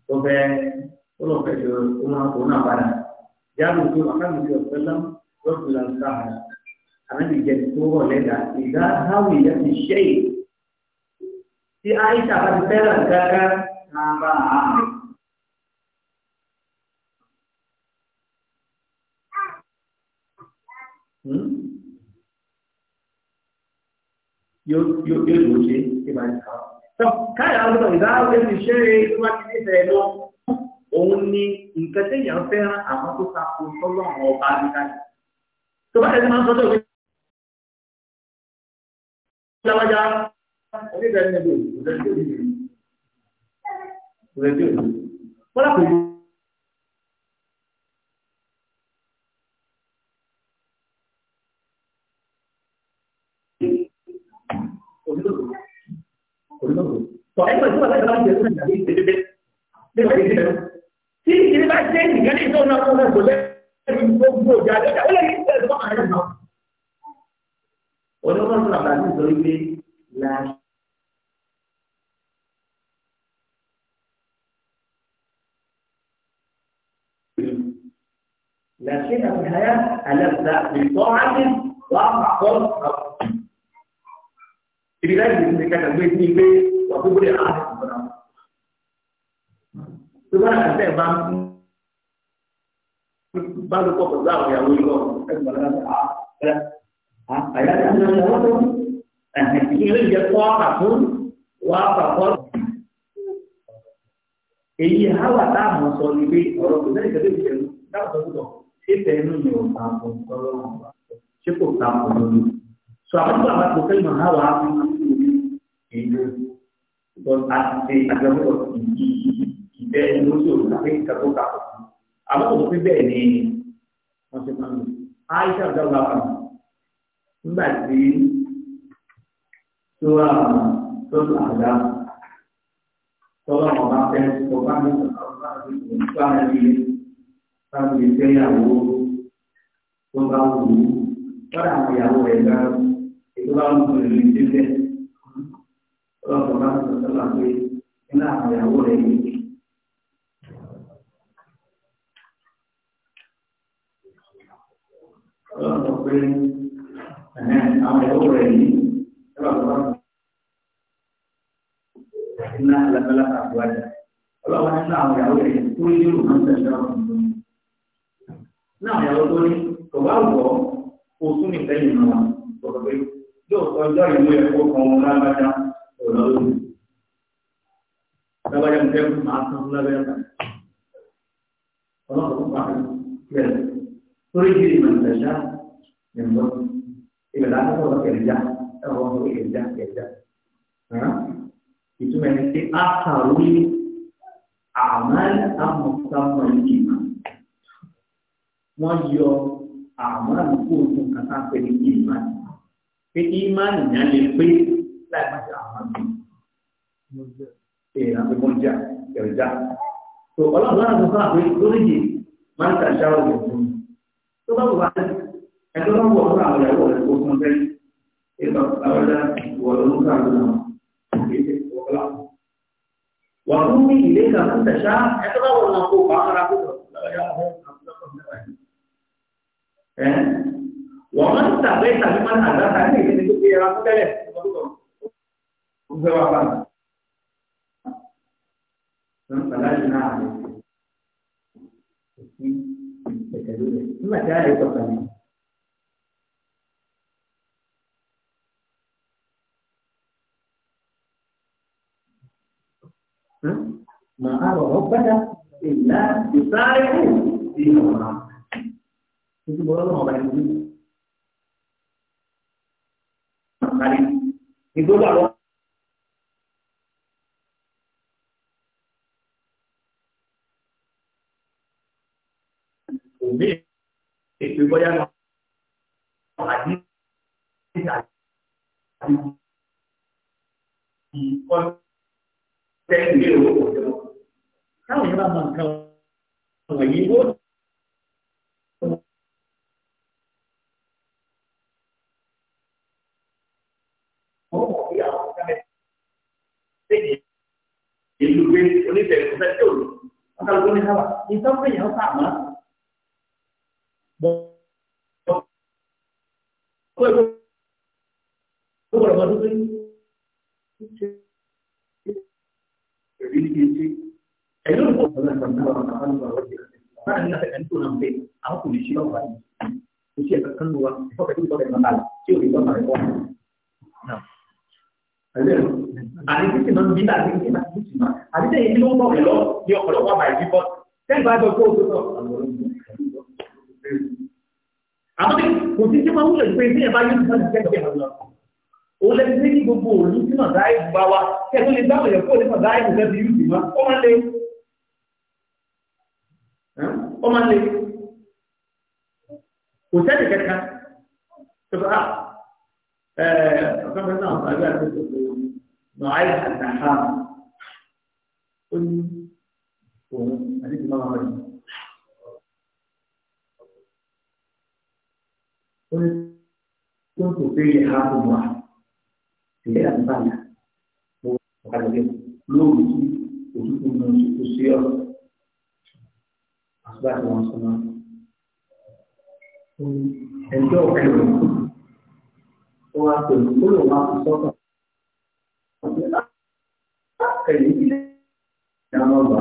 Speaker 1: tó fẹ́ olùfẹ́ ṣe òun náà padà jábọ̀ tó àkàmùsí ọ̀fẹ́ lọ́wọ́ lọ́sùlá sáà àmì ìjẹ̀dù tó rọ̀ lẹ́dà ìdá háwì yẹn ti ṣẹ́yìn tí àìsà bá ti fẹ́ràn gágá náà bá a hàn. Hmm? yóò yóò lò ṣe tí máa ń kà á. Sọ káyà ń sọ ìdáwọ́ ẹni ṣe é tí wọ́n ti nífẹ̀ẹ́ lọ. Òun ni nǹkan téèyàn fẹ́ràn àmọ́ tó ta ko sọ́lọ́ àwọn ọba àbíkáyà. Tó bá tẹ̀sí máa ń sọ́jọ́ ìwé. Lábájá oníbẹ̀rẹ̀ ní ẹgbẹ́ òṣèlú. náà onímọ̀ tó àgbà ní ìsọ̀rí pé láàṣẹ. لا في الحياة ألذ بالطاعة وأعظم في بداية ذلك كان البيت من بيت وكبر عهد سبحان الله ìbálòpọ̀ pẹ̀lú àwọn ìyàwó yìí lọ ẹgbẹ́ bàbá náà ẹ àyà ti ní ọmọ wọn ìṣẹ̀lẹ̀ ìjẹ kọ àfún wà àpapọ̀. èyí àwà tá a mọ̀ sọ ni pé ọ̀rọ̀ kò lẹ́yìn tẹ́lẹ̀ ìṣẹ̀lẹ̀ dáàbò tó ṣe tẹnu ni ò ta kò tọrọ ṣé kò ta kò lórí. sọ àbúrò àbàtò kẹ́lìmọ̀ àwà á fi èyí lọ àti àjọyọ̀ ìbẹ́ẹ̀ lóṣù àti ìkàtó kàkó. àbúrò tó fi bẹ́ẹ̀ ni wọ́n ti pamọ́ àìsàn ọ̀dọ́gba pamọ́ nígbà tí tó wà tó tó àdá tọ́lọ́ ọ̀bá fẹ́ tó bá ní ọ̀bá ní bá ní ìgbéyàwó tó bá wù ú lọ́dà àwọn ìyàwó rẹ̀ gbá ètò bá wù ú lè ní sílẹ̀ tọ́lọ́ ọ̀bá tó tọ́lọ́ pé nínú àwọn ìyàwó rẹ̀ yìí pé àwọn ẹ̀rọ rẹ̀ yìí ẹ̀rọ tó bá ń iná alábẹ́lá àbúwájà ọlọ́wọ́ nínú àwọn ìyàwó rẹ̀ tó ní ìlú náà tẹ̀sán ọ̀hún. náà ìyàwó tó ní kò bá wọ̀ ó tún ní ìfẹ́yìn náà sọ̀rọ̀ pé yóò sọ ọjọ́ ìlú ẹ̀kọ́ kan wọn lágbájá ọ̀rọ̀ nyemplung ibaratnya kalau kerja kalau kerja kerja nah itu memiliki asawi amal sama iman wọ́n amal kóòtù kata pẹ̀lú iman pé iman yẹn lè pé láì amal bí èèyàn àti mọ́jà kẹrìjà tó ọlọ́run láti sọ àpé lóríyè máa ń tàṣà òwò fún un tó ẹjọ́ náà wọ̀ fún àwọn ìyàwó rẹ̀ kó fún sẹ́yìn ìtọ́ àwọ̀dá ìwọ̀ ló ń sàrò náà kéde ọ̀la. wà á fún mi ìlé ìgbà fún tẹ̀sá ẹjọ́ náà wọ̀ náà kó bá ara kó lọ lọ́yà ọ̀hún àbúlọ́kọ̀ nígbà yìí. ẹ wọ́n máa ń tàbí tàbí máa ń àgbà tàbí ìdílé tó fi ẹra fún tẹ́lẹ̀ ọ̀gbẹ́ wa bá a.
Speaker 2: ما أرى ربك
Speaker 1: إلا يسارع في نورا itu boleh lo ngapain dulu kali itu lah Umi itu boleh lo haji di konten itu táwọn yẹn bá mọ nǹkan wọ̀nyí ó ìlú gbé onífẹ̀ẹ́ fẹ́ tí ò lò wọ́n kà ló ní káwà ìtọ́ pé yẹn ó sà mọ́. Gbogbo ọ̀rọ̀ ọdún tó ń ṣe ìrírí kìí ṣe. ẹ̀yọ́ ìpò ọ̀nà ìgbàgbọ́ àwọn àwọn àwọn ọ̀rọ̀ náà ní àtẹ̀kẹ́ nítorí náà pé àwọn kò lè ṣe lọ́wọ́ báyìí kò sí ẹ̀ka kan ló wa ìfọ̀kẹ́ tó ìfọ̀kẹ́ náà báyìí tí ò ní lọ́wọ́ rẹ̀ wọ́n. àti títí náà bí láti ní láti títí náà àti tẹ̀yìn tí ó ń bọ̀ rẹ̀ lọ ní ọ̀pọ̀lọpọ̀ àbàyè bíbọ̀ tẹ́gbàá jọ kó o tó sọ àwọn kò sí tí wọ́n wúlò pé bí ẹ bá yóò sọ́nà kẹ́kẹ́ àwọn lọ. òun lẹ́ni tí gbogbo òòlù tí màdá ìbú bá wa kẹ́kọ̀ọ́ lè dáwọ̀ yẹn kó lè màdá ìbú lẹ́bi yóò dì wá ó máa lé ọmọ lè kò sẹ́ni kẹta tó bá ọ̀gá mẹ́ta àwọn àgbẹ̀ àti ìṣòro náà àyè àtàkà ó ní òun àti ìṣòro máa wọlé. ó ní tó ń tò pé yẹ ha kò wá ìlera àti báyà mo wà lórí lóòrùn òtútù mú oṣù tó ṣe ọ̀rọ̀ bá ti wọn súnmọ́ ẹjọ́ òkèèrè ó wá pè mí ó lò wá fi sọ́kàn ẹ̀yìn ilé ìdáná ọgbà.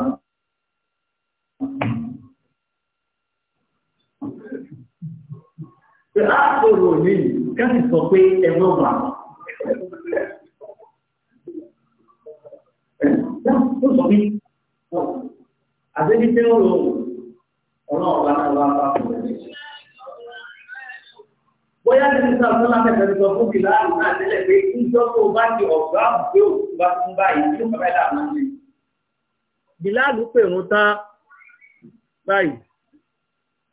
Speaker 1: Ṣé á sọ̀rọ̀ ní káàkiri sọ pé ẹgbẹ́ ọgbà? Ó sọ mí, àbẹ́bí tẹ́wọ́ lọ́wọ́ ọlọ́run bá náà wá bá fún ẹ̀ bóyá nínú sáà tó láti ẹ̀sẹ̀ sọ fún mi láàrú náà tẹ́lẹ̀ pé níjọ́ tó bá di ọ̀gá àbúgbé òkú bá tún báyìí nínú bàbá ẹ̀dá àmọ́ ṣe. bíláàlú pèrún tán báyìí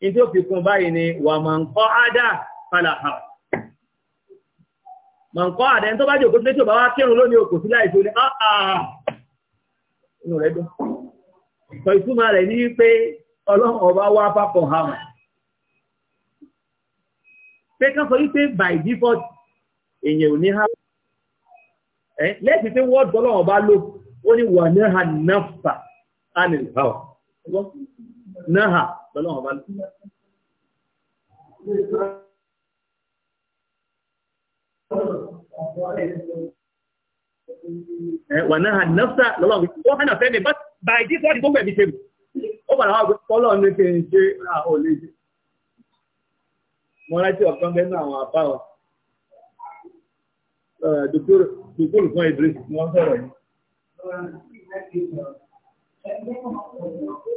Speaker 1: ní tí ó fi kún báyìí ni wà máa ń kọ́ ádá padà hà. mà ń kọ́ àdá ẹni tó bá di òkú sílé tí ò bá wá kírun lónìí òkú sílé àìsàn ni inú rẹ̀ dùn. sọ ìtumọ̀ rẹ̀ ní pé ọlọ́run ọba wá papọ̀ ha wọn. pé ká sọ wípé by default èèyàn ò ní ha ẹ lẹ́sìn pé wọ́n dọ́lọ́ ọba ló ó ní wà ní ha náfà á ní ìfà ọ̀ náà ha dọ́lọ́ ọba ló. Wà náà ha náfà lọ́lọ́run wọ́n hàn fẹ́ mi bá by default gbogbo ẹ̀mí ṣe mi ó padà wá pọ́lọ̀ ní kí n ṣe ra òlé jù mo rántí ọ̀kan bẹ́ẹ̀ náà àwọn àbá wa dòkúrò fún ìdílé tí wọ́n sọ̀rọ̀ yìí.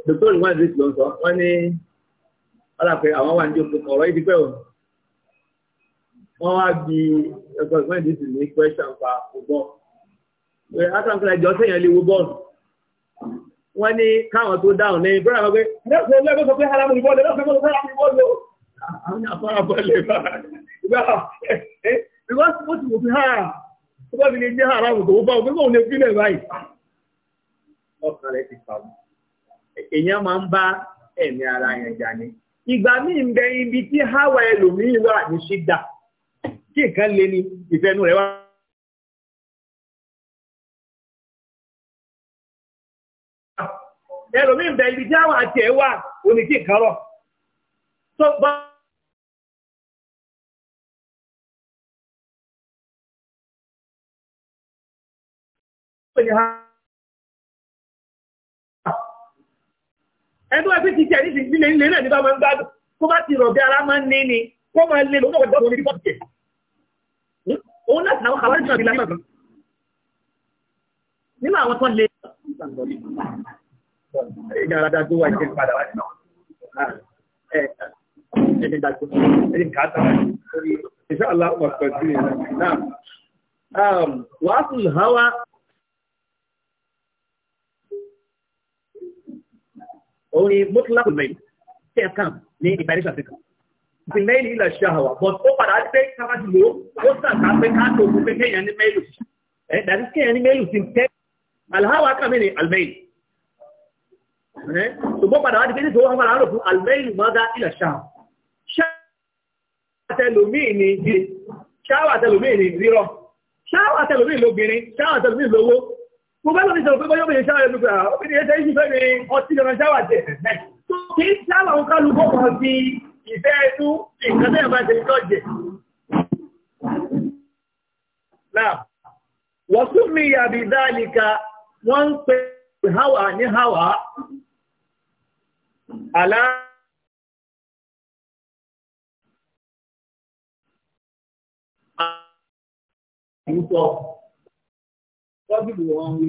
Speaker 1: dòkúrò fún ìdílé tí wọ́n sọ wọ́n ní alápẹ̀ àwọn wà ní oṣù ọ̀rọ̀ yìí ti pẹ́ o wọ́n wá bí ẹgbẹ́ ìgbọ́n ìdílé ní pẹ́ṣà pa ọgbọ́n. àtàkùn ẹjọ́ sẹ́yìn lè wo bọ́ọ̀lù wọ́n ní káwọn tó dáhùn lẹ́yìn bọ́ra wọn pé lẹ́gbẹ́ sọ pé haramu ni bọ́ọ̀lù lọ́sọ̀gbọ́n sọ pé haramu ni bọ́ọ̀lù àwọn afárá bọ́ọ̀lù ìbára ìgbà ó ti wò fi ha tó bá fi lè jẹ́ haramu tó bá òfin kóun lè fi lẹ̀ báyìí. ọkàn rẹ ti fà mí èèyàn máa ń bá ẹ̀mí ara yẹn jà ní. ìgbà míì ń bẹ ibi tí háwa ẹlòmíì wà ní ṣídà kí nǹkan lé ní ìfẹ́nu rẹ̀ wá bẹ ibi tí àwọn àti ẹ̀ wà òní kí nǹkan rọ̀. tó bá
Speaker 2: ẹni tó wá pé ti jẹ́ nísìnyí nílé nílé
Speaker 1: náà ní bá máa ń gbádùn kó bá ti rọ̀ ara máa ń ní ni kó máa lé lọ́wọ́ ìjọba orí bọ́ọ̀lù jẹ́ òun láti àwọn àwọn ìjọba ìlànà nínú àwọn tó lè ìdí aládá tó wà ní ìdí padà wá nínú ẹni dàgbò ẹni kàtà lórí iṣẹ́ aláwọ̀pọ̀ hawa. òun ni mọ́tòlá kò mẹ́yìn tẹ́ ẹ̀ kàn ní ìparí ṣàfikàn ti mẹ́lì ilẹ̀ ṣàwà but ó padà pé káwájú ló ó sàkà pé káàtó òkú pé kéèyàn ní mẹ́lù ẹ̀ dàbí kéèyàn ní mẹ́lù ti tẹ́ alháwà kàmí ni almẹ́lì Eh? ṣùgbọ́n padà wá di pé nítorí wọn padà lò fún almeilu mọ́gá ilẹ̀ ṣáà ṣáà tẹlòmíì ni ìdí ṣáà tẹlòmíì ni ìdírọ̀ ṣáà tẹlòmíì lóbìnrin ṣáà tẹlòmíì lówó mo bá lóbi sọ pé bọ́yọ́ bìnrin mi yàbí dáàlì wọ́n ń pe hawa ní hawa àlá àyùtọ̀ tọ́bìlì wọn wí.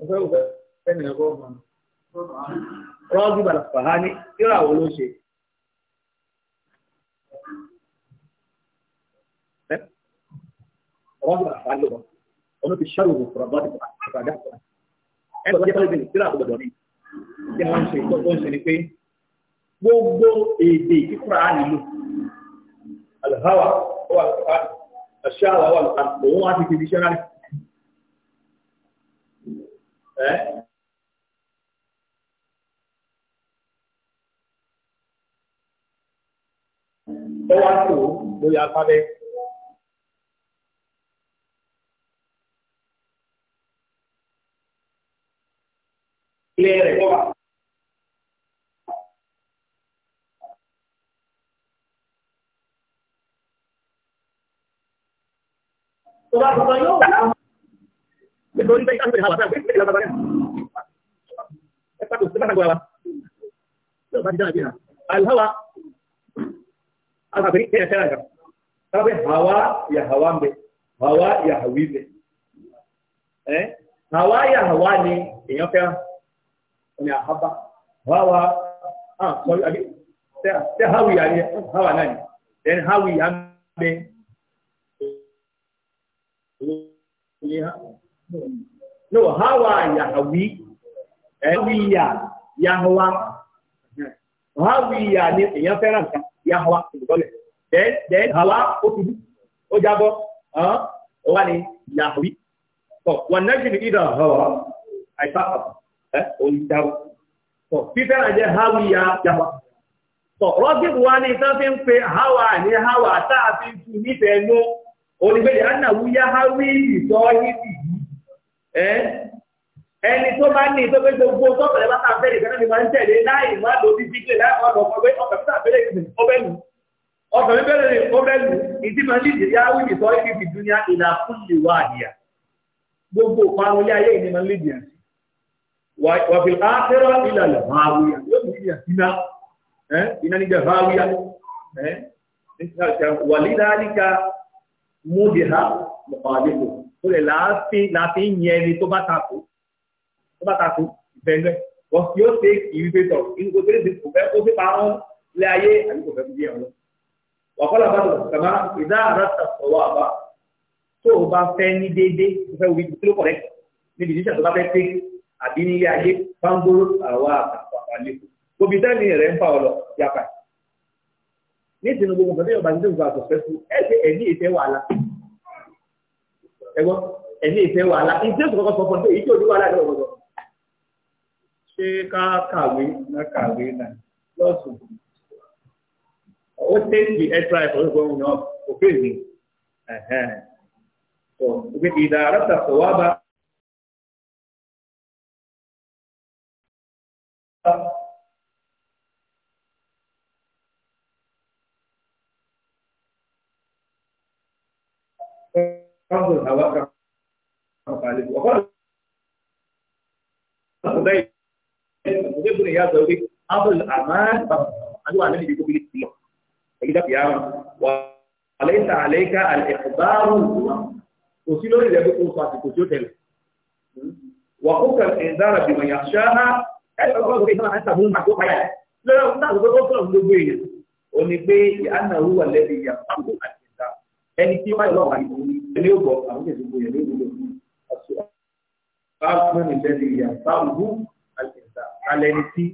Speaker 1: ọ̀fẹ́ òfẹ́ ẹni ẹ̀kọ́ ọmọ rọ́ọ̀bì bàlàfàá ní ìràwọ̀ ló ṣe. rọ́ọ̀bì bàlàfàá ló wà ọ̀nà ti ṣàròyìn fúrọ̀bọ́dì àgbàdàgbà ẹ lọ jẹ́ pẹ́lú ìbìlì sílẹ̀ àgbọ̀dọ̀ ni kí ni wọ́n ń ṣe tó ń ṣe ni pé gbogbo èdè kíkúrà á nílò alhawa wà lùkà aṣáàlà wà lùkà òun wá ti fi iṣẹ́ rárá ẹ. ó lórí alfabẹ́tì. ilé rẹ̀ kọ́ wa. tó bá sọ yóò wá nítorí pé ìtàn ìhàwà sáà pé ìlànà bàbá ẹ pàtó sí pàtàkì wa yóò bá ti dára bí i alhawa aka hawa ya hawa mbẹ hawa ya hawi mbẹ hawa ya hawa ni èèyàn fẹ́ràn ni àhábà wàhálà ah sorry àbí tẹ háwì àyẹ háwà náà ni then háwì á bẹ no háwà yàhàwì ẹ̀wìyà yàhàwà háwìyà ni èèyàn fẹ́ràn kan yàhàwà olùkọ́lẹ̀ then then hàwà ó fi ó jábọ́ ó wà ní yàhàwì. one náà ṣe ní ìdá àhàwà àìsàn àpò. Eh, oníjáwó. Tọ̀ Peter Hawi ya ya Tọ̀ Rọ́gìn nfe Hawa anyị Hawa tá a fi tu nífẹ̀ẹ́ nú. Onígbèlè Anáwú wuya Hawi ìtọ́ yìí eh, ẹni tó bá ní ni máa ń tẹ̀lé láì má lò bí bí ndị láì ọ̀dọ̀ ọ̀gbẹ́ ọ̀gbẹ́ tó àbẹ́rẹ́ ìgbìmọ̀ ọbẹ̀lù ọ̀gbẹ́ bẹ̀rẹ̀ wàfí àtẹ́rọ ilẹ̀ àlàmáwíyà yóò ní ìyà síná iná ní jàmáwíyà wàlíláríkà múdìhá mọ̀pàdébò tó lè láàfin yẹn ni tó bá takò tó bá takò ìfẹ́ńgẹ́ wọ́n tí ó ṣe ìwé pé tọ̀ inú kò tẹ́lẹ̀ kò fẹ́ kó sípa ọ́n lé ayé àbí kò fẹ́ fi díẹ̀ wọn.
Speaker 2: wàkọ́lá bá tó kàmá
Speaker 1: ìdá àràtà sọ̀rọ̀ àbá tó o bá fẹ́ ní déédéé kò fẹ́ wí tó kọ̀rẹ́ níbi ìdíjà tó bá fẹ́ tẹ́lẹ̀ àbí nílé ayé báńgóró àwa àpapọ̀ àlékún gbòbí dání rẹ̀ ń fà ọ lọ yàpá ní ìsinmi gbogbo nǹkan tẹ́yọ̀ bá ti dẹ́gbà sọ̀fẹ́ fún ẹ̀sẹ̀ ẹ̀mí ìfẹ́ wàhálà ẹ̀gbọ́n ẹ̀mí ìfẹ́ wàhálà ìdí èso kọ́kọ́ sọ fún mi èyí tí ò ní wàhálà ní ọ̀gbọ̀gbọ̀. ṣé ká kàwé ná kàwé náà lọ́sùn ó tẹ́sí ẹ̀tra ẹ̀fọ́ ìgbọ̀n náà òfin mi.
Speaker 2: ìdá arábìnrin sọ̀wá bá
Speaker 1: رفض الهواء رفض عليه وقال خبيب يا زوجي أفضل الأعمال قالوا على النبي بيقول لي إذا قيامة وليس عليك الإخبار وسيلو إذا بيكون صاحب كتير وقوك الإنذار بمن يخشاها أي الله بيسمع أنت تكون محبوب حياتك لا لا لا لا ilé ọgbọ àwọn kẹsì gbogbo yẹn lórí lórí àti báàgbọ́n ní bẹ́ẹ̀ lè yà báàgbù àjẹsà alẹ́ ní tí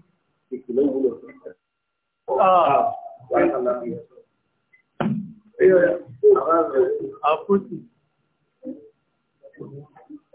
Speaker 1: ìpìlẹ̀ wúlò fún ah. ah, ẹ̀. Àpótí.